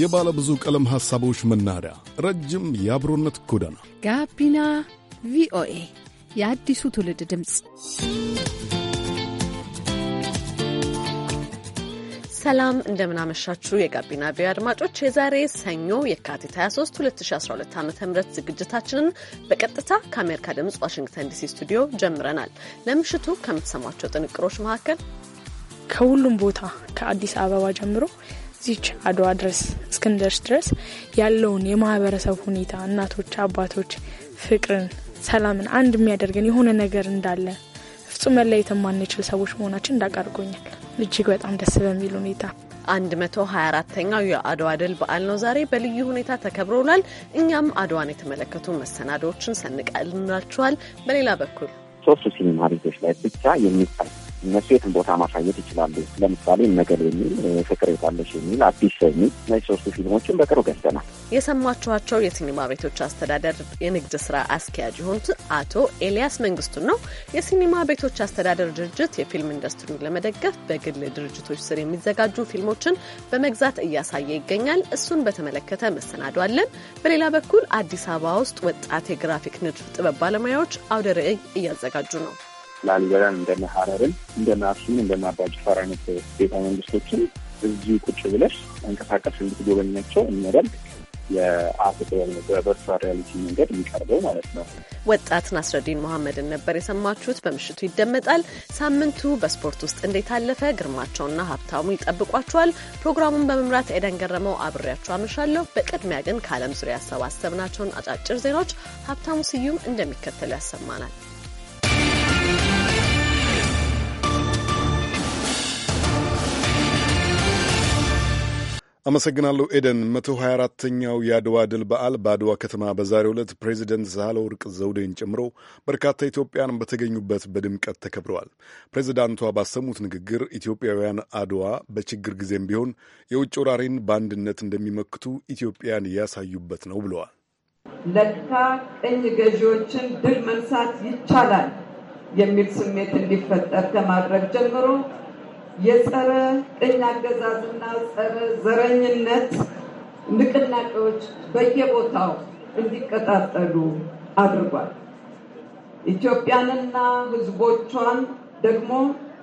የባለ ብዙ ቀለም ሐሳቦች መናኸሪያ፣ ረጅም የአብሮነት ጎዳና ጋቢና ቪኦኤ የአዲሱ ትውልድ ድምፅ። ሰላም እንደምናመሻችሁ የጋቢና ቪኦኤ አድማጮች፣ የዛሬ ሰኞ የካቲት 23 2012 ዓ ም ዝግጅታችንን በቀጥታ ከአሜሪካ ድምፅ ዋሽንግተን ዲሲ ስቱዲዮ ጀምረናል። ለምሽቱ ከምትሰሟቸው ጥንቅሮች መካከል ከሁሉም ቦታ ከአዲስ አበባ ጀምሮ እዚች አድዋ ድረስ እስክንደርስ ድረስ ያለውን የማህበረሰብ ሁኔታ እናቶች፣ አባቶች ፍቅርን፣ ሰላምን አንድ የሚያደርገን የሆነ ነገር እንዳለ ፍጹም መለየት የማንችል ሰዎች መሆናችን እንዳቀርጎኛል እጅግ በጣም ደስ በሚል ሁኔታ ሀያ አራተኛው የአድዋ ድል በዓል ነው ዛሬ በልዩ ሁኔታ ተከብሮ ውሏል። እኛም አድዋን የተመለከቱ መሰናዶዎችን ሰንቀልናችኋል። በሌላ በኩል ሶስቱ ሲኒማ ቤቶች ላይ ብቻ የሚታይ እነሱ የትን ቦታ ማሳየት ይችላሉ። ለምሳሌ መገል የሚል ፍቅር የታለሽ የሚል አዲስ የሚል እነዚህ ሶስቱ ፊልሞችን በቅርቡ ገዝተናል። የሰማችኋቸው የሲኒማ ቤቶች አስተዳደር የንግድ ስራ አስኪያጅ የሆኑት አቶ ኤልያስ መንግስቱን ነው። የሲኒማ ቤቶች አስተዳደር ድርጅት የፊልም ኢንዱስትሪውን ለመደገፍ በግል ድርጅቶች ስር የሚዘጋጁ ፊልሞችን በመግዛት እያሳየ ይገኛል። እሱን በተመለከተ መሰናዶ አለን። በሌላ በኩል አዲስ አበባ ውስጥ ወጣት የግራፊክ ንድፍ ጥበብ ባለሙያዎች አውደ ርዕይ እያዘጋጁ ነው። ላሊበላን እንደነ ሀረርን እንደነ አክሱምን እንደነ አባጅፋር አይነት ቤተ መንግስቶችን እዚሁ ቁጭ ብለሽ መንቀሳቀስ እንድትጎበኛቸው የሚያደርግ የአፍ ሪያሊቲ መንገድ የሚቀርበው ማለት ነው። ወጣት ናስረዲን መሐመድን ነበር የሰማችሁት። በምሽቱ ይደመጣል። ሳምንቱ በስፖርት ውስጥ እንዴት አለፈ? ግርማቸውና ሀብታሙ ይጠብቋቸዋል። ፕሮግራሙን በመምራት ኤደን ገረመው አብሬያችሁ አመሻለሁ። በቅድሚያ ግን ከዓለም ዙሪያ ያሰባሰብናቸውን አጫጭር ዜናዎች ሀብታሙ ስዩም እንደሚከተል ያሰማናል። አመሰግናለሁ ኤደን። ተኛው የአድዋ ድል በዓል በአድዋ ከተማ በዛሬው ዕለት ፕሬዚደንት ሳህለወርቅ ዘውዴን ጨምሮ በርካታ ኢትዮጵያን በተገኙበት በድምቀት ተከብረዋል። ፕሬዚዳንቷ ባሰሙት ንግግር ኢትዮጵያውያን አድዋ በችግር ጊዜም ቢሆን የውጭ ወራሪን በአንድነት እንደሚመክቱ ኢትዮጵያን ያሳዩበት ነው ብለዋል። ለካ ቅኝ ገዢዎችን ድል መንሳት ይቻላል የሚል ስሜት እንዲፈጠር ከማድረግ ጀምሮ የጸረ ቅኝ አገዛዝና ጸረ ዘረኝነት ንቅናቄዎች በየቦታው እንዲቀጣጠሉ አድርጓል። ኢትዮጵያንና ሕዝቦቿን ደግሞ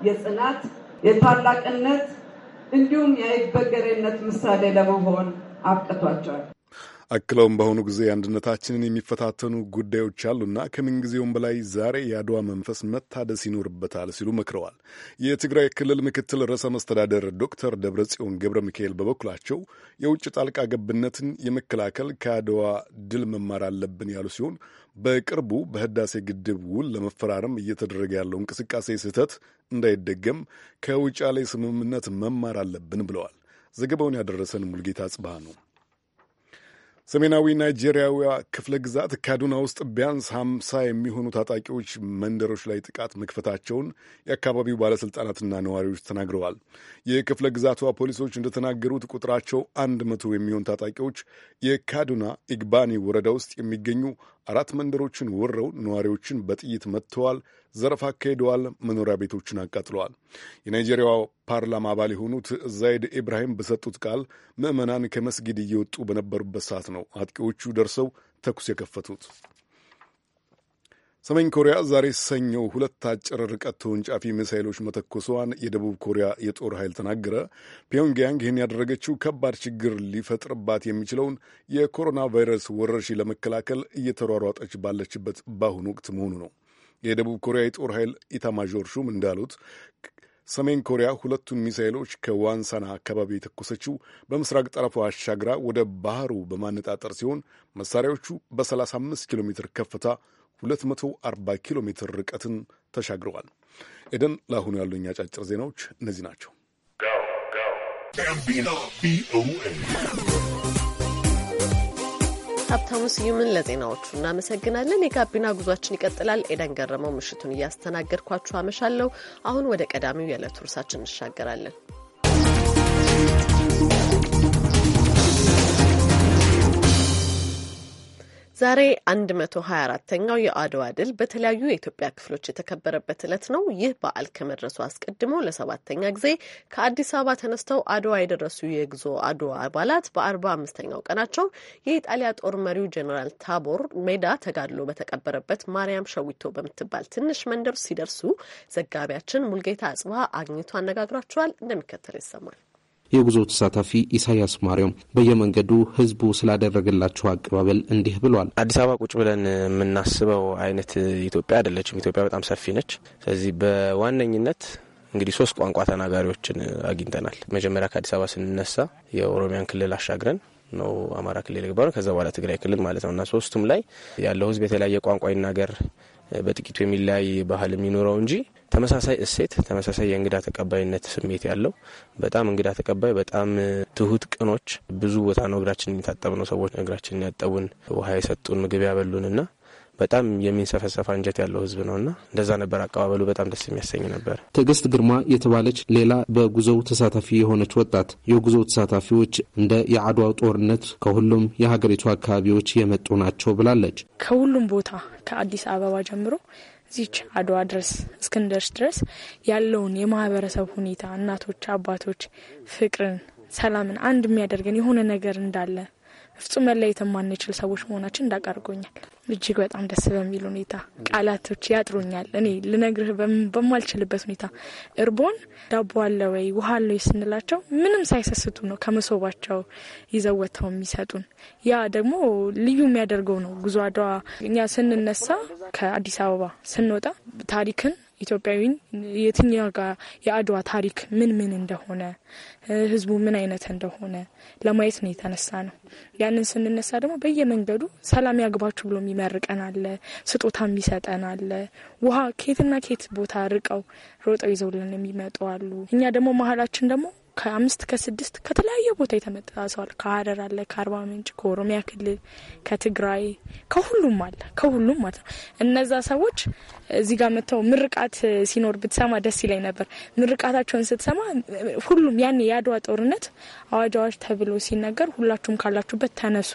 የጽናት የታላቅነት እንዲሁም የአይበገሬነት ምሳሌ ለመሆን አብቅቷቸዋል። አክለውም በአሁኑ ጊዜ አንድነታችንን የሚፈታተኑ ጉዳዮች አሉና ከምንጊዜውም በላይ ዛሬ የአድዋ መንፈስ መታደስ ይኖርበታል ሲሉ መክረዋል። የትግራይ ክልል ምክትል ርዕሰ መስተዳደር ዶክተር ደብረጽዮን ገብረ ሚካኤል በበኩላቸው የውጭ ጣልቃ ገብነትን የመከላከል ከአድዋ ድል መማር አለብን ያሉ ሲሆን በቅርቡ በህዳሴ ግድብ ውል ለመፈራረም እየተደረገ ያለው እንቅስቃሴ ስህተት እንዳይደገም ከውጫሌ ስምምነት መማር አለብን ብለዋል። ዘገባውን ያደረሰን ሙልጌታ ጽባህ ነው። ሰሜናዊ ናይጄሪያዊያ ክፍለ ግዛት ካዱና ውስጥ ቢያንስ ሀምሳ የሚሆኑ ታጣቂዎች መንደሮች ላይ ጥቃት መክፈታቸውን የአካባቢው ባለሥልጣናትና ነዋሪዎች ተናግረዋል። የክፍለ ግዛቷ ፖሊሶች እንደተናገሩት ቁጥራቸው አንድ መቶ የሚሆን ታጣቂዎች የካዱና ኢግባኒ ወረዳ ውስጥ የሚገኙ አራት መንደሮችን ወረው ነዋሪዎችን በጥይት መጥተዋል፣ ዘረፋ አካሂደዋል፣ መኖሪያ ቤቶችን አቃጥለዋል። የናይጄሪያው ፓርላማ አባል የሆኑት ዛይድ ኢብራሂም በሰጡት ቃል ምዕመናን ከመስጊድ እየወጡ በነበሩበት ሰዓት ነው አጥቂዎቹ ደርሰው ተኩስ የከፈቱት። ሰሜን ኮሪያ ዛሬ ሰኞ ሁለት አጭር ርቀት ተወንጫፊ ሚሳይሎች መተኮሷን የደቡብ ኮሪያ የጦር ኃይል ተናገረ። ፒዮንግያንግ ይህን ያደረገችው ከባድ ችግር ሊፈጥርባት የሚችለውን የኮሮና ቫይረስ ወረርሽኝ ለመከላከል እየተሯሯጠች ባለችበት በአሁኑ ወቅት መሆኑ ነው። የደቡብ ኮሪያ የጦር ኃይል ኢታማዦር ሹም እንዳሉት ሰሜን ኮሪያ ሁለቱን ሚሳይሎች ከዋንሳና አካባቢ የተኮሰችው በምስራቅ ጠረፉ አሻግራ ወደ ባህሩ በማነጣጠር ሲሆን መሳሪያዎቹ በ35 ኪሎ ሜትር ከፍታ 240 ኪሎ ሜትር ርቀትን ተሻግረዋል። ኤደን፣ ለአሁኑ ያሉኝ አጫጭር ዜናዎች እነዚህ ናቸው። ሀብታሙ ስዩምን ለዜናዎቹ እናመሰግናለን። የጋቢና ጉዟችን ይቀጥላል። ኤደን ገረመው ምሽቱን እያስተናገድኳችሁ አመሻለሁ። አሁን ወደ ቀዳሚው የዕለቱ ርዕሳችን እንሻገራለን። ዛሬ 124ኛው የአድዋ ድል በተለያዩ የኢትዮጵያ ክፍሎች የተከበረበት ዕለት ነው። ይህ በዓል ከመድረሱ አስቀድሞ ለሰባተኛ ጊዜ ከአዲስ አበባ ተነስተው አድዋ የደረሱ የግዞ አድዋ አባላት በአርባ አምስተኛው ቀናቸው የኢጣሊያ ጦር መሪው ጀኔራል ታቦር ሜዳ ተጋድሎ በተቀበረበት ማርያም ሸዊቶ በምትባል ትንሽ መንደር ሲደርሱ ዘጋቢያችን ሙልጌታ አጽባ አግኝቶ አነጋግሯቸዋል። እንደሚከተል ይሰማል። የጉዞ ተሳታፊ ኢሳያስ ማርያም በየመንገዱ ህዝቡ ስላደረገላቸው አቀባበል እንዲህ ብሏል። አዲስ አበባ ቁጭ ብለን የምናስበው አይነት ኢትዮጵያ አይደለችም። ኢትዮጵያ በጣም ሰፊ ነች። ስለዚህ በዋነኝነት እንግዲህ ሶስት ቋንቋ ተናጋሪዎችን አግኝተናል። መጀመሪያ ከአዲስ አበባ ስንነሳ የኦሮሚያን ክልል አሻግረን ነው አማራ ክልል የገባ ነው። ከዛ በኋላ ትግራይ ክልል ማለት ነው እና ሶስቱም ላይ ያለው ህዝብ የተለያየ ቋንቋ ይናገር በጥቂቱ የሚለያይ ባህል የሚኖረው እንጂ ተመሳሳይ እሴት፣ ተመሳሳይ የእንግዳ ተቀባይነት ስሜት ያለው በጣም እንግዳ ተቀባይ፣ በጣም ትሁት፣ ቅኖች ብዙ ቦታ ነው እግራችን የሚታጠብ ነው ሰዎች እግራችን ያጠቡን፣ ውሃ የሰጡን፣ ምግብ ያበሉንና በጣም የሚንሰፈሰፍ አንጀት ያለው ህዝብ ነውና እንደዛ ነበር አቀባበሉ። በጣም ደስ የሚያሰኝ ነበር። ትዕግስት ግርማ የተባለች ሌላ በጉዞው ተሳታፊ የሆነች ወጣት የጉዞው ተሳታፊዎች እንደ የአድዋው ጦርነት ከሁሉም የሀገሪቱ አካባቢዎች የመጡ ናቸው ብላለች። ከሁሉም ቦታ ከአዲስ አበባ ጀምሮ እዚች አድዋ ድረስ እስክንደርስ ድረስ ያለውን የማህበረሰብ ሁኔታ እናቶች፣ አባቶች ፍቅርን፣ ሰላምን አንድ የሚያደርገን የሆነ ነገር እንዳለ ፍጹም መለየት የማንችል ሰዎች መሆናችን እንዳቀርጎኛል እጅግ በጣም ደስ በሚል ሁኔታ ቃላቶች ያጥሩኛል። እኔ ልነግርህ በማልችልበት ሁኔታ እርቦን ዳቦ አለ ወይ ውሃ አለ ወይ ስንላቸው ምንም ሳይሰስቱ ነው ከመሶባቸው ይዘወተው የሚሰጡን። ያ ደግሞ ልዩ የሚያደርገው ነው ጉዞ አድዋ። እኛ ስንነሳ ከአዲስ አበባ ስንወጣ ታሪክን ኢትዮጵያዊን የትኛ ጋር የአድዋ ታሪክ ምን ምን እንደሆነ ህዝቡ ምን አይነት እንደሆነ ለማየት ነው የተነሳ ነው። ያንን ስንነሳ ደግሞ በየመንገዱ ሰላም ያግባችሁ ብሎ የሚመርቀን አለ፣ ስጦታ የሚሰጠን አለ። ውሃ ኬትና ኬት ቦታ ርቀው ሮጠው ይዘውልን የሚመጡ አሉ። እኛ ደግሞ መሀላችን ደግሞ ከአምስት ከስድስት ከተለያየ ቦታ የተመጣ ሰው አለ። ከሀረር አለ፣ ከአርባ ምንጭ፣ ከኦሮሚያ ክልል፣ ከትግራይ፣ ከሁሉም አለ። ከሁሉም ማለት ነው። እነዛ ሰዎች እዚህ ጋር መጥተው ምርቃት ሲኖር ብትሰማ ደስ ይለኝ ነበር። ምርቃታቸውን ስትሰማ ሁሉም ያኔ የአድዋ ጦርነት አዋጅ አዋጅ ተብሎ ሲነገር ሁላችሁም ካላችሁበት ተነሱ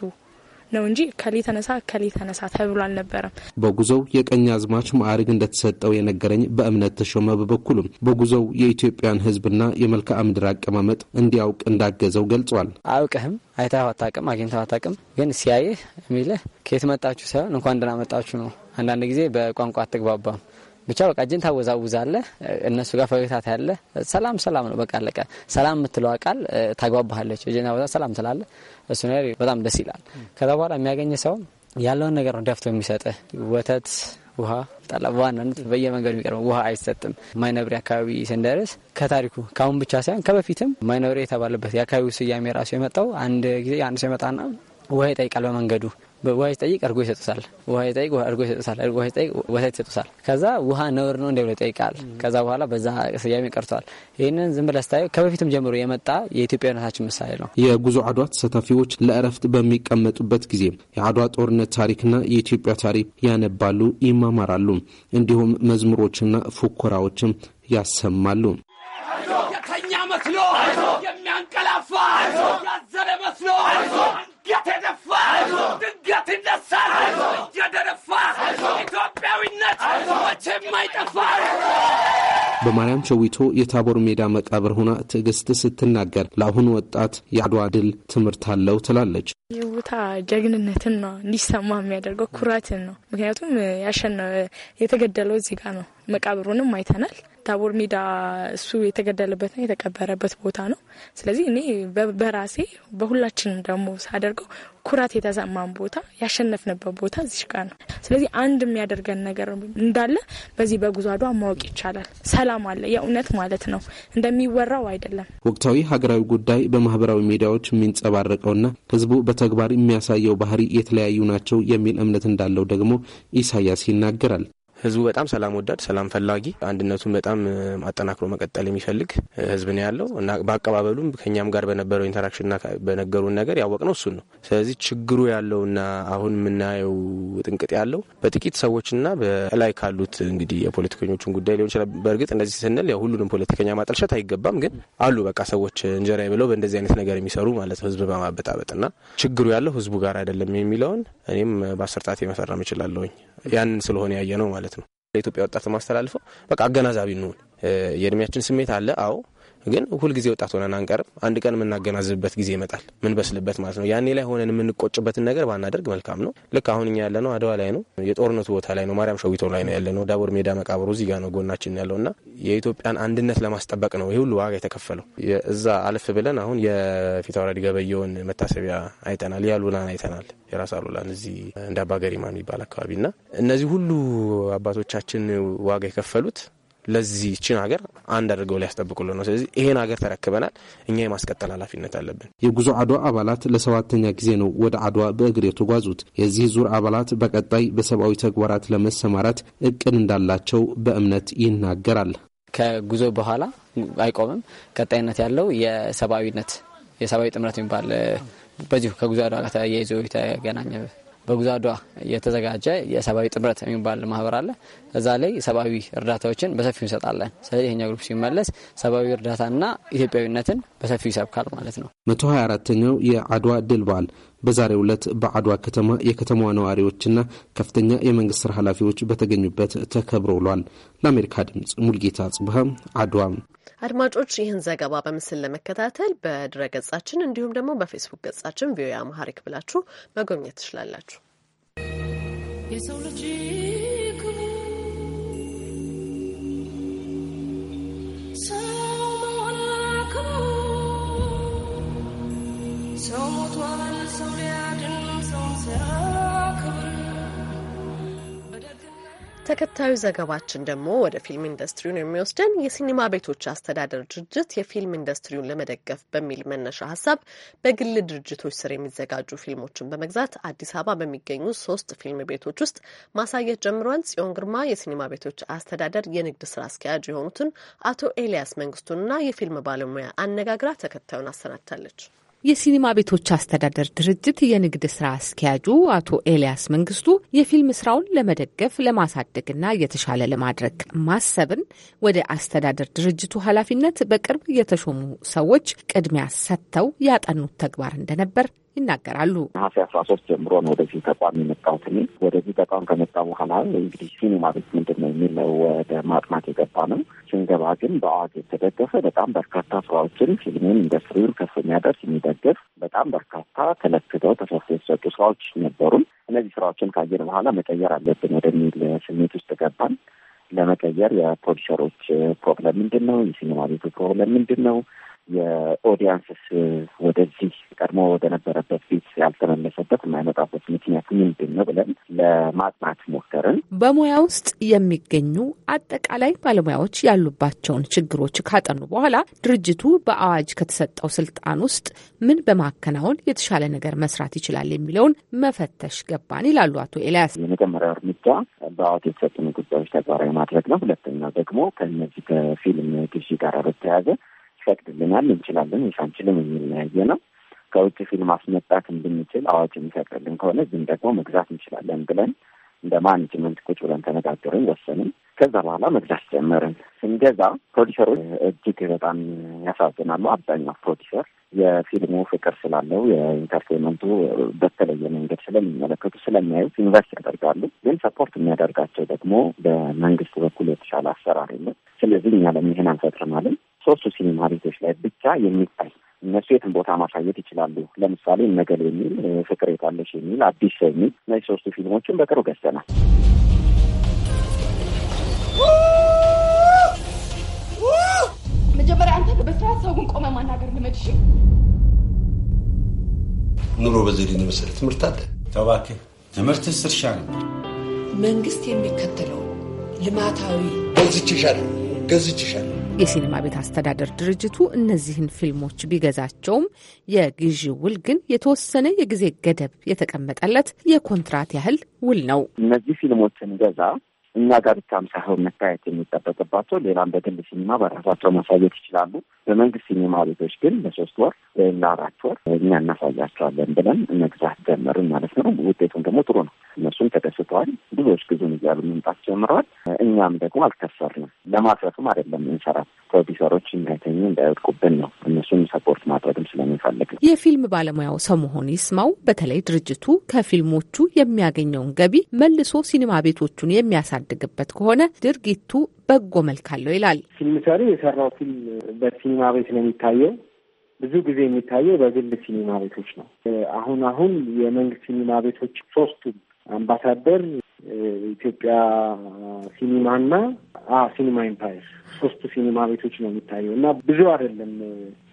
ነው እንጂ ከሌ ተነሳ ከሌ ተነሳ ተብሎ አልነበረም። በጉዞው የቀኝ አዝማች ማዕረግ እንደተሰጠው የነገረኝ በእምነት ተሾመ በበኩሉም በጉዞው የኢትዮጵያን ሕዝብና የመልክዓ ምድር አቀማመጥ እንዲያውቅ እንዳገዘው ገልጿል። አውቅህም አይተህ አታውቅም፣ አታውቅም። ግን ሲያየህ የሚልህ ከየት መጣችሁ ሳይሆን እንኳን ደህና መጣችሁ ነው። አንዳንድ ጊዜ በቋንቋ አትግባባም ብቻ በቃ እጅን ታወዛውዛለ እነሱ ጋር ፈገግታ ታያለህ። ሰላም ሰላም ነው በቃ አለቀ። ሰላም የምትለው ቃል ታግባባሃለች። እጅን ታወዛ ሰላም ትላለህ። እሱ ነገር በጣም ደስ ይላል። ከዛ በኋላ የሚያገኝ ሰው ያለውን ነገር ነው ደፍቶ የሚሰጥ ወተት ውሃ ጠላ በዋናነት በየመንገዱ የሚቀርበው ውሃ አይሰጥም። ማይነብሬ አካባቢ ስንደርስ ከታሪኩ ከአሁን ብቻ ሳይሆን ከበፊትም ማይነብሪ የተባለበት የአካባቢው ስያሜ ራሱ የመጣው አንድ ጊዜ አንድ ሰው የመጣና ውሃ ይጠይቃል በመንገዱ ውሃ ሲጠይቅ እርጎ ይሰጡሳል። ውሃ ሲጠይቅ እርጎ ይሰጡሳል። እርጎ ሲጠይቅ ወተት ይሰጡሳል። ከዛ ውሃ ነውር ነው እንደ ብሎ ይጠይቃል። ከዛ በኋላ በዛ ስያሜ ቀርቷል። ይህንን ዝም ብለህ ስታየው ከበፊትም ጀምሮ የመጣ የኢትዮጵያዊነታችን ምሳሌ ነው። የጉዞ አድዋ ተሳታፊዎች ለእረፍት በሚቀመጡበት ጊዜ የአድዋ ጦርነት ታሪክና የኢትዮጵያ ታሪክ ያነባሉ፣ ይማማራሉ። እንዲሁም መዝሙሮችና ፉኮራዎችም ያሰማሉ። የተኛ መስሎ የሚያንቀላፋ ያዘነ መስሎ አንገት የደፋ ጠላት ይነሳል። ኢትዮጵያዊነት መቼም በማርያም ቸዊቶ የታቦር ሜዳ መቃብር ሆና ትዕግስት ስትናገር ለአሁኑ ወጣት የአድዋ ድል ትምህርት አለው ትላለች። ይህ ቦታ ጀግንነትን ነው እንዲሰማ የሚያደርገው ኩራትን ነው። ምክንያቱም ያሸነ የተገደለው እዚህ ጋር ነው። መቃብሩንም አይተናል። ታቦር ሜዳ እሱ የተገደለበትና የተቀበረበት ቦታ ነው። ስለዚህ እኔ በራሴ በሁላችንም ደግሞ ሳደርገው ኩራት የተሰማን ቦታ ያሸነፍንበት ቦታ እዚሽ ጋር ነው። ስለዚህ አንድ የሚያደርገን ነገር እንዳለ በዚህ በጉዛዷ ማወቅ ይቻላል። ሰላም አለ የእውነት ማለት ነው፣ እንደሚወራው አይደለም። ወቅታዊ ሀገራዊ ጉዳይ በማህበራዊ ሚዲያዎች የሚንጸባረቀውና ህዝቡ በተግባር የሚያሳየው ባህሪ የተለያዩ ናቸው የሚል እምነት እንዳለው ደግሞ ኢሳያስ ይናገራል። ህዝቡ በጣም ሰላም ወዳድ፣ ሰላም ፈላጊ፣ አንድነቱን በጣም አጠናክሮ መቀጠል የሚፈልግ ህዝብ ነው ያለው እና በአቀባበሉም ከኛም ጋር በነበረው ኢንተራክሽንና በነገሩን ነገር ያወቅነው እሱን ነው። ስለዚህ ችግሩ ያለውና አሁን የምናየው ጥንቅጥ ያለው በጥቂት ሰዎችና በላይ ካሉት እንግዲህ የፖለቲከኞቹን ጉዳይ ሊሆን ይችላል። በእርግጥ እንደዚህ ስንል ሁሉንም ፖለቲከኛ ማጠልሸት አይገባም፣ ግን አሉ በቃ ሰዎች እንጀራ ብለው በእንደዚህ አይነት ነገር የሚሰሩ ማለት ነው ህዝብ በማበጣበጥና ችግሩ ያለው ህዝቡ ጋር አይደለም የሚለውን እኔም በአስር ጣት መፈረም እችላለሁኝ። ያንን ስለሆነ ያየ ነው ማለት ነው። ለኢትዮጵያ ወጣት ማስተላልፈው በቃ አገናዛቢ እንሆን። የእድሜያችን ስሜት አለ አዎ ግን ሁልጊዜ ወጣት ሆነን አንቀርም። አንድ ቀን የምናገናዝብበት ጊዜ ይመጣል፣ ምንበስልበት ማለት ነው። ያኔ ላይ ሆነን የምንቆጭበትን ነገር ባናደርግ መልካም ነው። ልክ አሁን እኛ ያለነው አድዋ ላይ ነው፣ የጦርነቱ ቦታ ላይ ነው፣ ማርያም ሸዊቶ ላይ ነው ያለነው። ዳቦር ሜዳ መቃብሩ እዚህ ጋር ነው ጎናችን ያለው እና የኢትዮጵያን አንድነት ለማስጠበቅ ነው ይህ ሁሉ ዋጋ የተከፈለው። እዛ አልፍ ብለን አሁን የፊታውራሪ ገበየውን መታሰቢያ አይተናል፣ ያሉላን አይተናል፣ የራስ አሉላን እዚህ እንደ አባገሪማ የሚባል አካባቢ እና እነዚህ ሁሉ አባቶቻችን ዋጋ የከፈሉት ለዚችን ሀገር አንድ አድርገው ሊያስጠብቁሉ ነው። ስለዚህ ይሄን ሀገር ተረክበናል፣ እኛ የማስቀጠል ኃላፊነት አለብን። የጉዞ አድዋ አባላት ለሰባተኛ ጊዜ ነው ወደ አድዋ በእግር የተጓዙት። የዚህ ዙር አባላት በቀጣይ በሰብአዊ ተግባራት ለመሰማራት እቅድ እንዳላቸው በእምነት ይናገራል። ከጉዞ በኋላ አይቆምም። ቀጣይነት ያለው የሰብአዊነት የሰብአዊ ጥምረት የሚባል በዚሁ ከጉዞ አድዋ ጋር ተያይዞ የተገናኘ በጉዛዷ የተዘጋጀ የሰብአዊ ጥምረት የሚባል ማህበር አለ። እዛ ላይ ሰብአዊ እርዳታዎችን በሰፊው እንሰጣለን። ስለዚህ ይሄኛው ግሩፕ ሲመለስ ሰብአዊ እርዳታና ኢትዮጵያዊነትን በሰፊው ይሰብካል ማለት ነው። መቶ ሀያ አራተኛው የአድዋ ድል በዓል በዛሬው ዕለት በአድዋ ከተማ የከተማዋ ነዋሪዎችና ከፍተኛ የመንግስት ስራ ኃላፊዎች በተገኙበት ተከብሮ ውሏል። ለአሜሪካ ድምጽ ሙልጌታ ጽብሃም አድዋ አድማጮች ይህን ዘገባ በምስል ለመከታተል ገጻችን እንዲሁም ደግሞ በፌስቡክ ገጻችን ቪኦኤ አማሃሪክ ብላችሁ መጎብኘት ትችላላችሁ። የሰው ልጅ ሰው ሞቷል፣ ሰው ሊያድን ሰው ተከታዩ ዘገባችን ደግሞ ወደ ፊልም ኢንዱስትሪውን የሚወስደን። የሲኒማ ቤቶች አስተዳደር ድርጅት የፊልም ኢንዱስትሪውን ለመደገፍ በሚል መነሻ ሀሳብ በግል ድርጅቶች ስር የሚዘጋጁ ፊልሞችን በመግዛት አዲስ አበባ በሚገኙ ሶስት ፊልም ቤቶች ውስጥ ማሳየት ጀምሯል። ጽዮን ግርማ የሲኒማ ቤቶች አስተዳደር የንግድ ስራ አስኪያጅ የሆኑትን አቶ ኤልያስ መንግስቱንና የፊልም ባለሙያ አነጋግራ ተከታዩን አሰናድታለች። የሲኒማ ቤቶች አስተዳደር ድርጅት የንግድ ስራ አስኪያጁ አቶ ኤልያስ መንግስቱ የፊልም ስራውን ለመደገፍ ለማሳደግና የተሻለ ለማድረግ ማሰብን ወደ አስተዳደር ድርጅቱ ኃላፊነት በቅርብ የተሾሙ ሰዎች ቅድሚያ ሰጥተው ያጠኑት ተግባር እንደነበር ይናገራሉ። ነሐሴ አስራ ሶስት ጀምሮ ነው ወደዚህ ተቋም የመጣሁት። ወደዚህ ተቋም ከመጣ በኋላ እንግዲህ ሲኒ ማለት ምንድን ነው የሚል ወደ ማጥናት የገባ ነው። ስንገባ ግን በአዋጅ የተደገፈ በጣም በርካታ ስራዎችን ፊልምን ኢንዱስትሪውን ከፍ የሚያደርስ የሚደግፍ በጣም በርካታ ተለክተው ተሰፍ የተሰጡ ስራዎች ነበሩን። እነዚህ ስራዎችን ካየን በኋላ መቀየር አለብን ወደሚል ስሜት ውስጥ ገባን። ለመቀየር የፕሮዲሰሮች ፕሮብለም ምንድን ነው? የሲኒማ ቤቱ ፕሮብለም ምንድን ነው? የኦዲያንስስ ወደዚህ ቀድሞ ወደነበረበት ፊት ያልተመለሰበት የማይመጣበት ምክንያት ምንድን ነው ብለን ለማጥናት ሞከርን። በሙያ ውስጥ የሚገኙ አጠቃላይ ባለሙያዎች ያሉባቸውን ችግሮች ካጠኑ በኋላ ድርጅቱ በአዋጅ ከተሰጠው ስልጣን ውስጥ ምን በማከናወን የተሻለ ነገር መስራት ይችላል የሚለውን መፈተሽ ገባን ይላሉ አቶ ኤልያስ። የመጀመሪያው እርምጃ በአዋጅ የተሰጡን ጉዳዮች ተግባራዊ ማድረግ ነው። ሁለተኛው ደግሞ ከእነዚህ ከፊልም ግዢ ጋር በተያያዘ ይፈቅድልናል፣ እንችላለን፣ ወይስ አንችልም የሚለያየ ነው። ከውጭ ፊልም አስመጣት እንድንችል አዋጅ የሚፈቅድልን ከሆነ ዝም ደግሞ መግዛት እንችላለን ብለን እንደ ማኔጅመንት ቁጭ ብለን ተነጋገርን፣ ወሰንን። ከዛ በኋላ መግዛት ጀመርን። ስንገዛ ፕሮዲሰሮች እጅግ በጣም ያሳዝናሉ። አብዛኛው ፕሮዲሰር የፊልሙ ፍቅር ስላለው የኢንተርቴንመንቱ በተለየ መንገድ ስለሚመለከቱ ስለሚያዩት ኢንቨስት ያደርጋሉ። ግን ሰፖርት የሚያደርጋቸው ደግሞ በመንግስት በኩል የተሻለ አሰራር የለም። ስለዚህ እኛ ለምን ይሄን አንፈጥርም አለን። ሶስቱ ሲኒማ ቤቶች ላይ ብቻ የሚታይ እነሱ የትን ቦታ ማሳየት ይችላሉ። ለምሳሌ ነገል የሚል ፍቅር የታለች የሚል አዲስ ሰው የሚል እነዚህ ሶስቱ ፊልሞችን በቅርብ ገዝተናል። መጀመሪያ አንተ በስርዓት ሰውን ቆመ ማናገር ልመድሽ። ኑሮ በዘዴ የመሰለ ትምህርት አለ ተባክ ትምህርት ስርሻ ነበር። መንግስት የሚከተለው ልማታዊ ገዝችሻል ገዝችሻል የሲኒማ ቤት አስተዳደር ድርጅቱ እነዚህን ፊልሞች ቢገዛቸውም የግዢ ውል ግን የተወሰነ የጊዜ ገደብ የተቀመጠለት የኮንትራት ያህል ውል ነው። እነዚህ ፊልሞችን ገዛ እኛ ጋር ብቻም ሳይሆን መታየት የሚጠበቅባቸው ሌላም በግል ሲኒማ በራሳቸው ማሳየት ይችላሉ። በመንግስት ሲኒማ ቤቶች ግን ለሶስት ወር ወይም ለአራት ወር እኛ እናሳያቸዋለን ብለን መግዛት ጀመርን ማለት ነው። ውጤቱን ደግሞ ጥሩ ነው። እነሱም ተደስተዋል። ብዙዎች ግዙን እያሉ መምጣት ጀምረዋል። እኛም ደግሞ አልከሰርንም። ለማትረፍም አይደለም እንሰራ ፕሮዲሰሮች እንዳይተኙ እንዳይወድቁብን ነው። እነሱም ሰፖርት ማድረግም ስለሚፈልግ ነው። የፊልም ባለሙያው ሰሞሆን ይስማው በተለይ ድርጅቱ ከፊልሞቹ የሚያገኘውን ገቢ መልሶ ሲኒማ ቤቶቹን የሚያሳ የሚያሳድግበት ከሆነ ድርጊቱ በጎ መልክ አለው ይላል። ፊልም ሰሪ የሰራው ፊልም በሲኒማ ቤት ነው የሚታየው። ብዙ ጊዜ የሚታየው በግል ሲኒማ ቤቶች ነው። አሁን አሁን የመንግስት ሲኒማ ቤቶች ሶስቱም አምባሳደር፣ ኢትዮጵያ ሲኒማ እና ሲኒማ ኢምፓየር ሶስቱ ሲኒማ ቤቶች ነው የሚታየው እና ብዙ አይደለም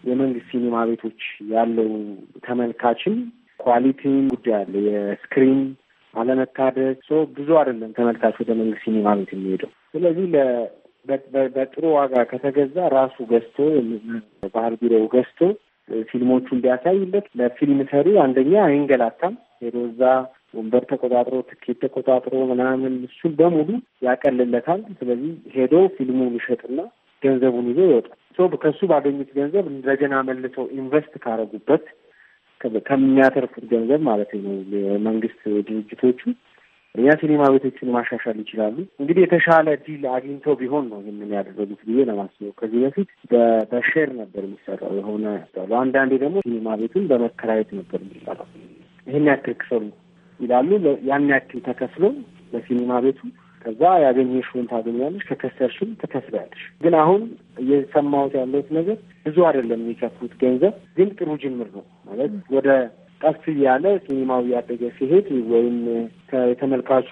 የመንግስት ሲኒማ ቤቶች ያለው ተመልካችም ኳሊቲን ጉዳይ አለ የስክሪን አለመታደስ ሰው ብዙ አይደለም ተመልካች ወደ መንግስት ሲኒማ ቤት የሚሄደው። ስለዚህ በጥሩ ዋጋ ከተገዛ ራሱ ገዝቶ ባህል ቢሮው ገዝቶ ፊልሞቹን ቢያሳይለት ለፊልም ሰሪ አንደኛ አይንገላታም። ሄዶ እዛ ወንበር ተቆጣጥሮ ትኬት ተቆጣጥሮ ምናምን እሱን በሙሉ ያቀልለታል። ስለዚህ ሄዶ ፊልሙን ይሸጥና ገንዘቡን ይዞ ይወጣል። ሰው ከሱ ባገኙት ገንዘብ እንደገና መልሰው ኢንቨስት ካረጉበት ከሚያተርፉት ገንዘብ ማለት ነው የመንግስት ድርጅቶቹ እኛ ሲኒማ ቤቶችን ማሻሻል ይችላሉ። እንግዲህ የተሻለ ዲል አግኝተው ቢሆን ነው ይህንን ያደረጉት ብዬ ለማስበው። ከዚህ በፊት በሼር ነበር የሚሰራው የሆነ አንዳንዴ ደግሞ ሲኒማ ቤቱን በመከራየት ነበር የሚሰራው። ይህን ያክል ክፈሉ ይላሉ። ያን ያክል ተከፍሎ ለሲኒማ ቤቱ ከዛ ያገኘሽውን ታገኛለሽ፣ ከከሰርሽም ትከስሪያለሽ። ግን አሁን እየሰማሁት ያለሁት ነገር ብዙ አይደለም የሚከፍሉት ገንዘብ፣ ግን ጥሩ ጅምር ነው ማለት ወደ ቀስ እያለ ሲኒማው እያደገ ሲሄድ ወይም የተመልካቹ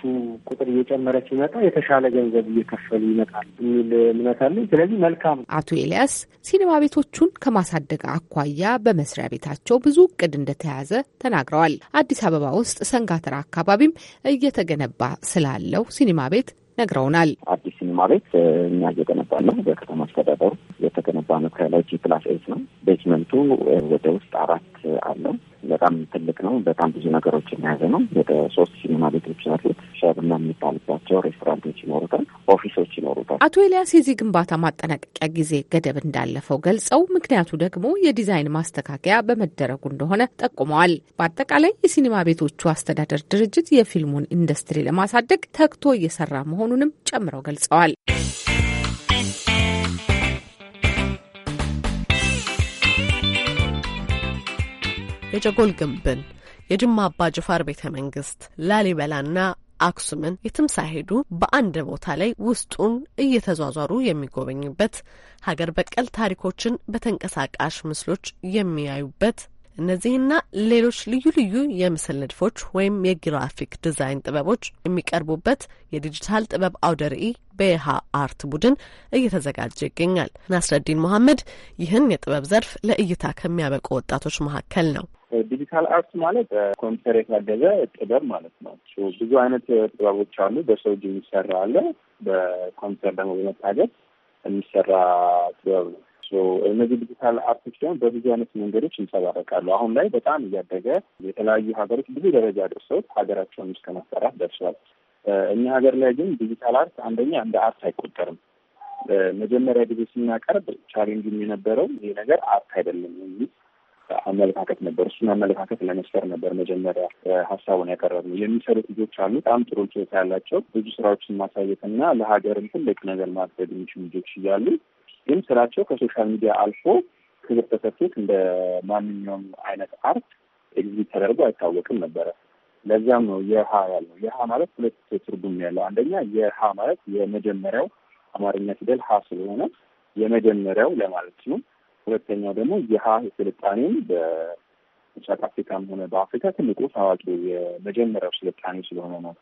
ቁጥር እየጨመረ ሲመጣ የተሻለ ገንዘብ እየከፈሉ ይመጣል የሚል እምነት አለኝ። ስለዚህ መልካም አቶ ኤልያስ ሲኒማ ቤቶቹን ከማሳደግ አኳያ በመስሪያ ቤታቸው ብዙ እቅድ እንደተያዘ ተናግረዋል። አዲስ አበባ ውስጥ ሰንጋተራ አካባቢም እየተገነባ ስላለው ሲኒማ ቤት ነግረውናል። አዲስ ሲኒማ ቤት እኛ እየገነባ ነው። በከተማ አስተዳደሩ የተገነባ መክሪያ ላይ ጂ ፕላስ ኤስ ነው ቤዝመንቱ። ወደ ውስጥ አራት አለው በጣም ትልቅ ነው። በጣም ብዙ ነገሮች የያዘ ነው። ወደ ሶስት ሲኒማ ቤቶች አሉት። ሻብና የሚባልባቸው ሬስቶራንቶች ይኖሩታል፣ ኦፊሶች ይኖሩታል። አቶ ኤልያስ የዚህ ግንባታ ማጠናቀቂያ ጊዜ ገደብ እንዳለፈው ገልጸው ምክንያቱ ደግሞ የዲዛይን ማስተካከያ በመደረጉ እንደሆነ ጠቁመዋል። በአጠቃላይ የሲኒማ ቤቶቹ አስተዳደር ድርጅት የፊልሙን ኢንዱስትሪ ለማሳደግ ተግቶ እየሰራ መሆኑንም ጨምረው ገልጸዋል። የጀጎል ግንብን፣ የጅማ አባ ጅፋር ቤተ መንግስት፣ ላሊበላና አክሱምን የትም ሳይሄዱ በአንድ ቦታ ላይ ውስጡን እየተዟዟሩ የሚጎበኙበት ሀገር በቀል ታሪኮችን በተንቀሳቃሽ ምስሎች የሚያዩበት እነዚህና ሌሎች ልዩ ልዩ የምስል ንድፎች ወይም የግራፊክ ዲዛይን ጥበቦች የሚቀርቡበት የዲጂታል ጥበብ አውደ ርዕይ አርት ቡድን እየተዘጋጀ ይገኛል። ናስረዲን መሐመድ ይህን የጥበብ ዘርፍ ለእይታ ከሚያበቁ ወጣቶች መካከል ነው። ዲጂታል አርት ማለት ኮምፒውተር የታገዘ ጥበብ ማለት ነው። ብዙ አይነት ጥበቦች አሉ። በሰው እጅ የሚሰራ አለ፣ በኮምፒውተር ደግሞ በመታገዝ የሚሰራ ጥበብ ነው። እነዚህ ዲጂታል አርቶች ደግሞ በብዙ አይነት መንገዶች ይንጸባረቃሉ። አሁን ላይ በጣም እያደገ የተለያዩ ሀገሮች ብዙ ደረጃ ደርሰውት ሀገራቸውን እስከ ማሰራት ደርሷል። እኛ ሀገር ላይ ግን ዲጂታል አርት አንደኛ እንደ አርት አይቆጠርም። መጀመሪያ ጊዜ ስናቀርብ ቻሌንጅ የነበረው ይህ ነገር አርት አይደለም የሚል አመለካከት ነበር። እሱን አመለካከት ለመስፈር ነበር መጀመሪያ ሀሳቡን ነው። የሚሰሩ ልጆች አሉ፣ በጣም ጥሩ ችሎታ ያላቸው ብዙ ስራዎችን ማሳየት እና ለሀገርም ትልቅ ነገር ማድረግ የሚችሉ ልጆች እያሉ ግን ስራቸው ከሶሻል ሚዲያ አልፎ ክብር ተሰጥቶት እንደ ማንኛውም አይነት አርት ኤግዚት ተደርጎ አይታወቅም ነበረ። ለዚያም ነው የሀ ያለው። የሀ ማለት ሁለት ትርጉም ያለው፣ አንደኛ የሀ ማለት የመጀመሪያው አማርኛ ፊደል ሀ ስለሆነ የመጀመሪያው ለማለት ነው። ሁለተኛው ደግሞ የሀ ስልጣኔም በምስራቅ አፍሪካም ሆነ በአፍሪካ ትልቁ ታዋቂ የመጀመሪያው ስልጣኔ ስለሆነ ነው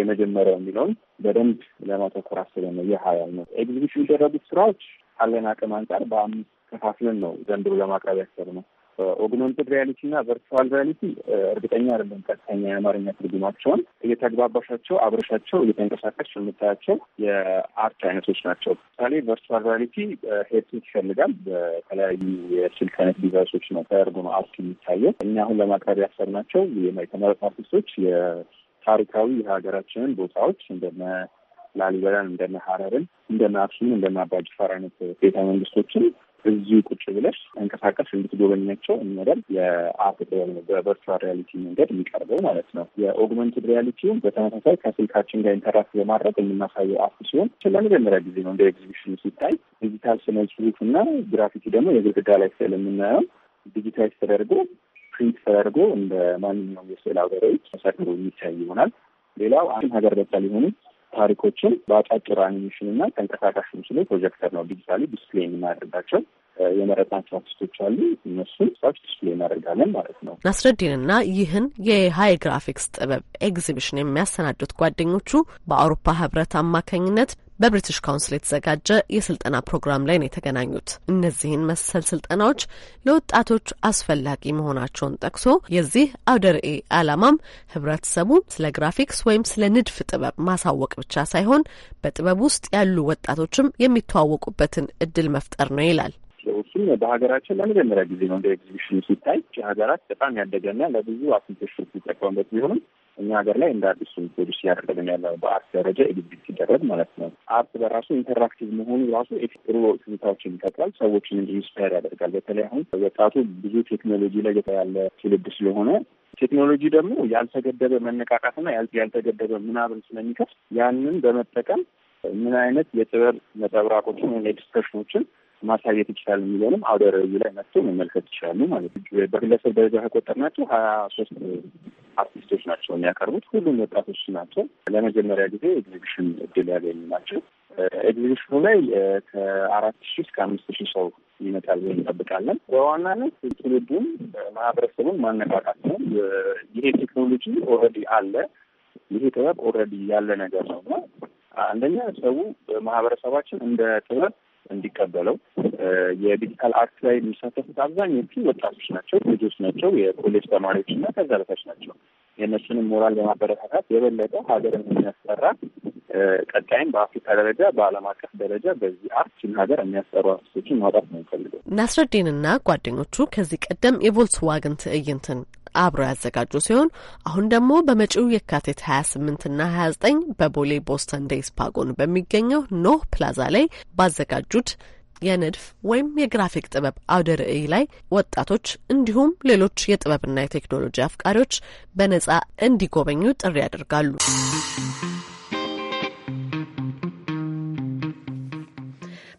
የመጀመሪያው የሚለውን በደንብ ለማተኮር አስበን ነው። የሀያል ነው ኤግዚቢሽን የሚደረጉት ስራዎች ካለን አቅም አንጻር በአምስት ከፋፍለን ነው ዘንድሮ ለማቅረብ ነው። ኦግመንትድ ሪያሊቲ እና ቨርቹዋል ሪያሊቲ እርግጠኛ አይደለም ቀጥተኛ የአማርኛ ትርጉማቸውን። እየተግባባሻቸው አብረሻቸው እየተንቀሳቀስ የምታያቸው የአርት አይነቶች ናቸው። ምሳሌ ቨርቹዋል ሪያሊቲ ሄድሴት ይፈልጋል። በተለያዩ የስልክ አይነት ዲቫይሶች ነው ተደርጎ ነው አርት የሚታየው። እኛ አሁን ለማቅረብ ያሰብናቸው የተመረጡ አርቲስቶች ታሪካዊ የሀገራችንን ቦታዎች እንደነ ላሊበላን፣ እንደነ ሀረርን፣ እንደነ አክሱምን፣ እንደነ አባጅፋር አይነት ቤተ መንግስቶችን እዚሁ ቁጭ ብለሽ ተንቀሳቀስ እንድትጎበኛቸው የሚያደርግ የአፕ በቨርቹዋል ሪያሊቲ መንገድ የሚቀርበው ማለት ነው። የኦግመንትድ ሪያሊቲውን በተመሳሳይ ከስልካችን ጋር ኢንተራክት በማድረግ የምናሳየው አፕ ሲሆን ለመጀመሪያ ጊዜ ነው እንደ ኤግዚቢሽን ሲታይ ዲጂታል ስነ ጽሁፍ እና ግራፊቲ ደግሞ የግድግዳ ላይ ስዕል የምናየው ዲጂታይዝ ተደርጎ ፕሪንት ተደርጎ እንደ ማንኛውም የስዕል አውደሮች ተሰቅሎ የሚታይ ይሆናል። ሌላው አንድ ሀገር በቀል የሆኑ ታሪኮችን በአጫጭር አኒሜሽን እና ተንቀሳቃሽ ምስሉ ፕሮጀክተር ነው ዲጂታሊ ዲስፕሌይ የምናደርጋቸው የመረጣቸው አርቲስቶች አሉ። እነሱን ሰዎች ዲስፕሌ እናደርጋለን ማለት ነው። ናስረዲንና ይህን የሀይ ግራፊክስ ጥበብ ኤግዚቢሽን የሚያሰናዱት ጓደኞቹ በአውሮፓ ህብረት አማካኝነት በብሪቲሽ ካውንስል የተዘጋጀ የስልጠና ፕሮግራም ላይ ነው የተገናኙት። እነዚህን መሰል ስልጠናዎች ለወጣቶች አስፈላጊ መሆናቸውን ጠቅሶ የዚህ አውደ ርዕይ ዓላማም ህብረተሰቡ ስለ ግራፊክስ ወይም ስለ ንድፍ ጥበብ ማሳወቅ ብቻ ሳይሆን በጥበብ ውስጥ ያሉ ወጣቶችም የሚተዋወቁበትን እድል መፍጠር ነው ይላል። የሚመስለው። እሱም በሀገራችን ለመጀመሪያ ጊዜ ነው እንደ ኤግዚቢሽን ሲታይ። ሀገራት በጣም ያደገና ለብዙ አፍንቶች ሲጠቀሙበት ቢሆንም እኛ ሀገር ላይ እንደ አዲሱ ፖሊሲ ያደረግን ያለው በአርት ደረጃ ኤግዚቢት ሲደረግ ማለት ነው። አርት በራሱ ኢንተራክቲቭ መሆኑ ራሱ ጥሩ ትዝታዎችን ይፈጥራል፣ ሰዎችንም ኢንስፓየር ያደርጋል። በተለይ አሁን ወጣቱ ብዙ ቴክኖሎጂ ላይ ያለ ትውልድ ስለሆነ ቴክኖሎጂ ደግሞ ያልተገደበ መነቃቃትና ያልተገደበ ምናብን ስለሚከፍት ያንን በመጠቀም ምን አይነት የጥበብ መጠብራቆችን ወይም ኤክስፕሬሽኖችን ማሳየት ይችላል የሚለውንም አውደ ርዕዩ ላይ መጥቶ መመልከት ይችላሉ ማለት ነው። በግለሰብ ደረጃ ናቸው ሀያ ሶስት አርቲስቶች ናቸው የሚያቀርቡት። ሁሉም ወጣቶች ናቸው። ለመጀመሪያ ጊዜ ኤግዚቢሽን እድል ያገኙ ናቸው። ኤግዚቢሽኑ ላይ ከአራት ሺ እስከ አምስት ሺህ ሰው ይመጣል ብለን እንጠብቃለን። በዋናነት ትውልዱን ማህበረሰቡን ማነቃቃት ነው። ይሄ ቴክኖሎጂ ኦልሬዲ አለ። ይሄ ጥበብ ኦልሬዲ ያለ ነገር ነው አንደኛ ሰው ማህበረሰባችን እንደ ጥበብ እንዲቀበለው የዲጂታል አርት ላይ የሚሳተፉት አብዛኞቹ ወጣቶች ናቸው፣ ልጆች ናቸው፣ የኮሌጅ ተማሪዎች እና ከዛ በታች ናቸው። የእነሱንም ሞራል በማበረታታት የበለጠ ሀገርን የሚያሰራ ቀጣይም በአፍሪካ ደረጃ በዓለም አቀፍ ደረጃ በዚህ አርችን ሀገር የሚያሰሩ አርቲስቶችን ማውጣት ነው የሚፈልገው። ናስረዲንና ጓደኞቹ ከዚህ ቀደም የቮልክስዋገን ትዕይንትን አብረው ያዘጋጁ ሲሆን አሁን ደግሞ በመጪው የካቲት 28ና 29 በቦሌ ቦስተን ዴይስ ፓጎን በሚገኘው ኖህ ፕላዛ ላይ ባዘጋጁት የንድፍ ወይም የግራፊክ ጥበብ አውደ ርዕይ ላይ ወጣቶች እንዲሁም ሌሎች የጥበብና የቴክኖሎጂ አፍቃሪዎች በነጻ እንዲጎበኙ ጥሪ ያደርጋሉ።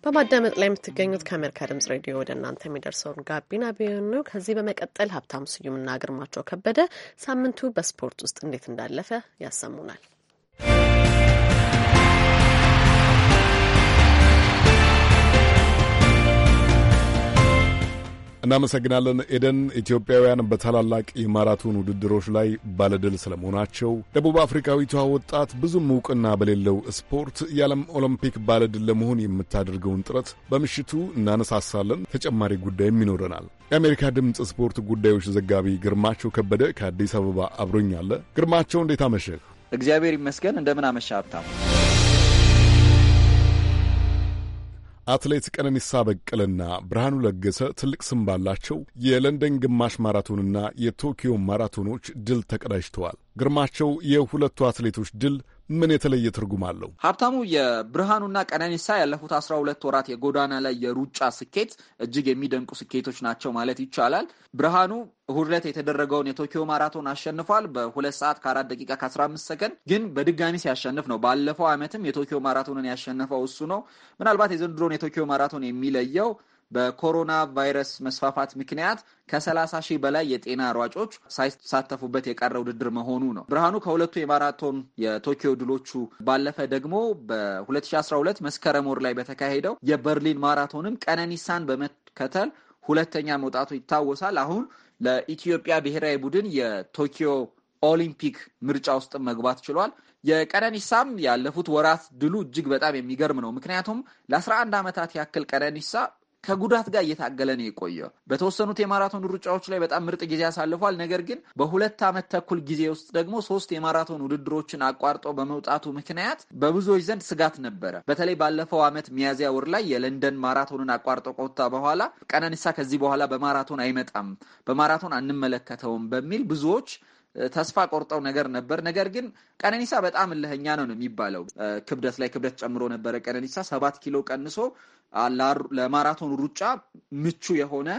በማዳመጥ ላይ የምትገኙት ከአሜሪካ ድምጽ ሬዲዮ ወደ እናንተ የሚደርሰውን ጋቢና ቢሆን ነው። ከዚህ በመቀጠል ሀብታሙ ስዩምና ግርማቸው ከበደ ሳምንቱ በስፖርት ውስጥ እንዴት እንዳለፈ ያሰሙናል። እናመሰግናለን ኤደን። ኢትዮጵያውያን በታላላቅ የማራቶን ውድድሮች ላይ ባለድል ስለመሆናቸው፣ ደቡብ አፍሪካዊቷ ወጣት ብዙም እውቅና በሌለው ስፖርት የዓለም ኦሎምፒክ ባለድል ለመሆን የምታደርገውን ጥረት በምሽቱ እናነሳሳለን። ተጨማሪ ጉዳይም ይኖረናል። የአሜሪካ ድምፅ ስፖርት ጉዳዮች ዘጋቢ ግርማቸው ከበደ ከአዲስ አበባ አብሮኛለ። ግርማቸው እንዴት አመሸህ? እግዚአብሔር ይመስገን። እንደምን አመሻ ሀብታም? አትሌት ቀነኒሳ በቀለና ብርሃኑ ለገሰ ትልቅ ስም ባላቸው የለንደን ግማሽ ማራቶንና የቶኪዮ ማራቶኖች ድል ተቀዳጅተዋል። ግርማቸው የሁለቱ አትሌቶች ድል ምን የተለየ ትርጉም አለው? ሀብታሙ፣ የብርሃኑና ቀነኒሳ ያለፉት አስራ ሁለት ወራት የጎዳና ላይ የሩጫ ስኬት እጅግ የሚደንቁ ስኬቶች ናቸው ማለት ይቻላል። ብርሃኑ እሁድ ዕለት የተደረገውን የቶኪዮ ማራቶን አሸንፏል በሁለት ሰዓት ከአራት ደቂቃ ከአስራ አምስት ሰከንድ ግን በድጋሚ ሲያሸንፍ ነው። ባለፈው ዓመትም የቶኪዮ ማራቶንን ያሸነፈው እሱ ነው። ምናልባት የዘንድሮን የቶኪዮ ማራቶን የሚለየው በኮሮና ቫይረስ መስፋፋት ምክንያት ከ30 ሺህ በላይ የጤና ሯጮች ሳይሳተፉበት የቀረ ውድድር መሆኑ ነው። ብርሃኑ ከሁለቱ የማራቶን የቶኪዮ ድሎቹ ባለፈ ደግሞ በ2012 መስከረም ወር ላይ በተካሄደው የበርሊን ማራቶንም ቀነኒሳን በመከተል ሁለተኛ መውጣቱ ይታወሳል። አሁን ለኢትዮጵያ ብሔራዊ ቡድን የቶኪዮ ኦሊምፒክ ምርጫ ውስጥ መግባት ችሏል። የቀነኒሳም ያለፉት ወራት ድሉ እጅግ በጣም የሚገርም ነው። ምክንያቱም ለ11 ዓመታት ያክል ቀነኒሳ ከጉዳት ጋር እየታገለ ነው የቆየው። በተወሰኑት የማራቶን ሩጫዎች ላይ በጣም ምርጥ ጊዜ አሳልፏል። ነገር ግን በሁለት ዓመት ተኩል ጊዜ ውስጥ ደግሞ ሶስት የማራቶን ውድድሮችን አቋርጦ በመውጣቱ ምክንያት በብዙዎች ዘንድ ስጋት ነበረ። በተለይ ባለፈው ዓመት ሚያዝያ ወር ላይ የለንደን ማራቶንን አቋርጦ ከወጣ በኋላ ቀነኒሳ ከዚህ በኋላ በማራቶን አይመጣም፣ በማራቶን አንመለከተውም በሚል ብዙዎች ተስፋ ቆርጠው ነገር ነበር። ነገር ግን ቀነኒሳ በጣም እልህኛ ነው ነው የሚባለው። ክብደት ላይ ክብደት ጨምሮ ነበረ። ቀነኒሳ ሰባት ኪሎ ቀንሶ ለማራቶን ሩጫ ምቹ የሆነ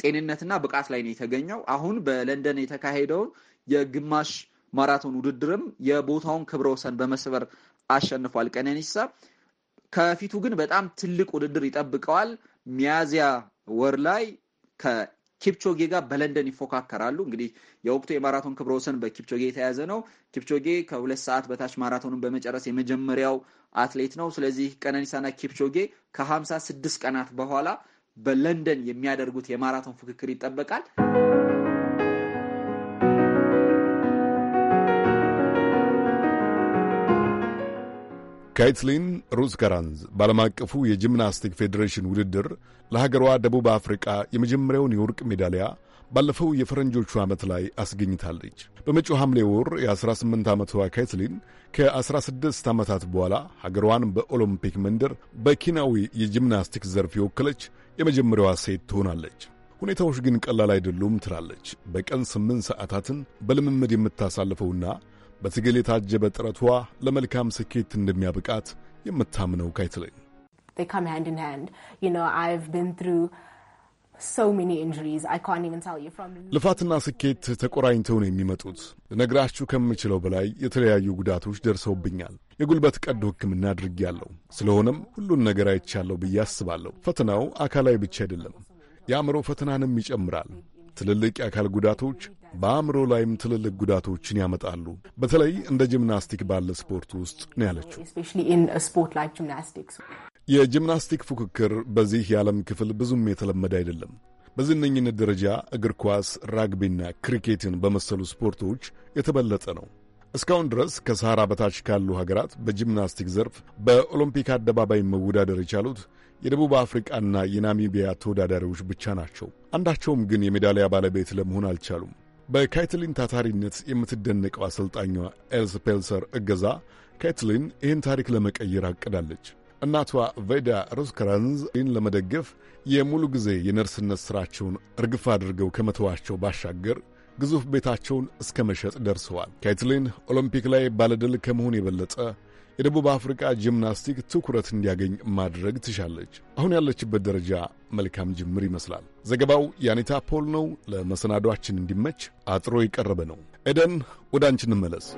ጤንነትና ብቃት ላይ ነው የተገኘው። አሁን በለንደን የተካሄደውን የግማሽ ማራቶን ውድድርም የቦታውን ክብረ ወሰን በመስበር አሸንፏል። ቀነኒሳ ከፊቱ ግን በጣም ትልቅ ውድድር ይጠብቀዋል። ሚያዚያ ወር ላይ ኪፕቾጌ ጋር በለንደን ይፎካከራሉ። እንግዲህ የወቅቱ የማራቶን ክብረ ወሰን በኪፕቾጌ የተያዘ ነው። ኪፕቾጌ ከሁለት ሰዓት በታች ማራቶንን በመጨረስ የመጀመሪያው አትሌት ነው። ስለዚህ ቀነኒሳና ኪፕቾጌ ከሀምሳ ስድስት ቀናት በኋላ በለንደን የሚያደርጉት የማራቶን ፉክክር ይጠበቃል። ካይትሊን ሩዝከራንዝ በዓለም አቀፉ የጂምናስቲክ ፌዴሬሽን ውድድር ለሀገሯ ደቡብ አፍሪቃ የመጀመሪያውን የወርቅ ሜዳሊያ ባለፈው የፈረንጆቹ ዓመት ላይ አስገኝታለች። በመጪው ሐምሌ ወር የ18 ዓመቷ ካይትሊን ከ16 ዓመታት በኋላ ሀገሯን በኦሎምፒክ መንደር በኪናዊ የጂምናስቲክ ዘርፍ የወከለች የመጀመሪያዋ ሴት ትሆናለች። ሁኔታዎች ግን ቀላል አይደሉም ትላለች። በቀን ስምንት ሰዓታትን በልምምድ የምታሳልፈውና በትግል የታጀበ ጥረቷ ለመልካም ስኬት እንደሚያብቃት የምታምነው ካይትለኝ ልፋትና ስኬት ተቆራኝተው ነው የሚመጡት። ልነግራችሁ ከምችለው በላይ የተለያዩ ጉዳቶች ደርሰውብኛል። የጉልበት ቀዶ ሕክምና አድርጌያለሁ። ስለሆነም ሁሉን ነገር አይቻለሁ ብዬ አስባለሁ። ፈተናው አካላዊ ብቻ አይደለም፣ የአእምሮ ፈተናንም ይጨምራል። ትልልቅ የአካል ጉዳቶች በአእምሮ ላይም ትልልቅ ጉዳቶችን ያመጣሉ። በተለይ እንደ ጂምናስቲክ ባለ ስፖርት ውስጥ ነው ያለችው። የጂምናስቲክ ፉክክር በዚህ የዓለም ክፍል ብዙም የተለመደ አይደለም። በዝነኝነት ደረጃ እግር ኳስ፣ ራግቢና ክሪኬትን በመሰሉ ስፖርቶች የተበለጠ ነው። እስካሁን ድረስ ከሰሃራ በታች ካሉ ሀገራት በጂምናስቲክ ዘርፍ በኦሎምፒክ አደባባይ መወዳደር የቻሉት የደቡብ አፍሪቃና የናሚቢያ ተወዳዳሪዎች ብቻ ናቸው። አንዳቸውም ግን የሜዳሊያ ባለቤት ለመሆን አልቻሉም። በካይትሊን ታታሪነት የምትደነቀው አሰልጣኟ ኤልስ ፔልሰር እገዛ ካይትሊን ይህን ታሪክ ለመቀየር አቅዳለች። እናቷ ቬዳ ሮስከራንዝን ለመደገፍ የሙሉ ጊዜ የነርስነት ሥራቸውን እርግፍ አድርገው ከመተዋቸው ባሻገር ግዙፍ ቤታቸውን እስከ መሸጥ ደርሰዋል። ካይትሊን ኦሎምፒክ ላይ ባለድል ከመሆን የበለጠ የደቡብ አፍሪቃ ጂምናስቲክ ትኩረት እንዲያገኝ ማድረግ ትሻለች። አሁን ያለችበት ደረጃ መልካም ጅምር ይመስላል። ዘገባው የአኒታ ፖል ነው። ለመሰናዷችን እንዲመች አጥሮ የቀረበ ነው። ኤደን፣ ወደ አንቺ እንመለስ።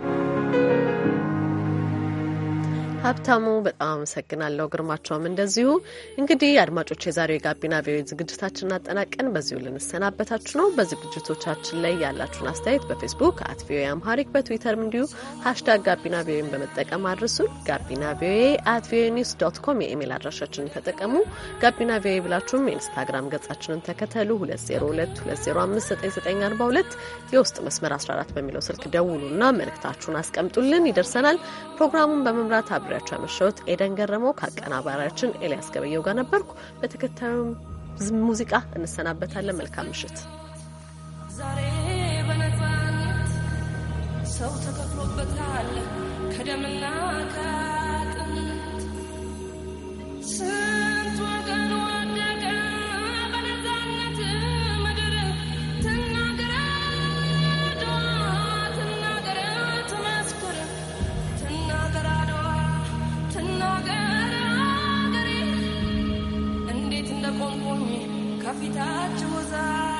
ሀብታሙ በጣም አመሰግናለሁ። ግርማቸውም እንደዚሁ። እንግዲህ አድማጮች የዛሬው የጋቢና ቪኦኤ ዝግጅታችንን አጠናቀን በዚሁ ልንሰናበታችሁ ነው። በዝግጅቶቻችን ላይ ያላችሁን አስተያየት በፌስቡክ አት ቪኦኤ አምሃሪክ፣ በትዊተርም እንዲሁ ሀሽታግ ጋቢና ቪኦኤን በመጠቀም አድርሱን። ጋቢና ቪኦኤ አት ቪኦኤ ኒውስ ዶት ኮም የኢሜይል አድራሻችንን ተጠቀሙ። ጋቢና ቪኦኤ ብላችሁም የኢንስታግራም ገጻችንን ተከተሉ። 2022059942 የውስጥ መስመር 14 በሚለው ስልክ ደውሉና መልእክታችሁን አስቀምጡልን፣ ይደርሰናል። ፕሮግራሙን በመምራት አብ አብሬያቸው ያመሸሁት ኤደን ገረመው ከአቀናባሪያችን ኤልያስ ገበየው ጋር ነበርኩ። በተከታዩም ሙዚቃ እንሰናበታለን። መልካም ምሽት። ዛሬ ሰው ተከፍሎበታል ከደምና ከአጥንት የቆምኩኝ ከፊታችሁ ዛሬ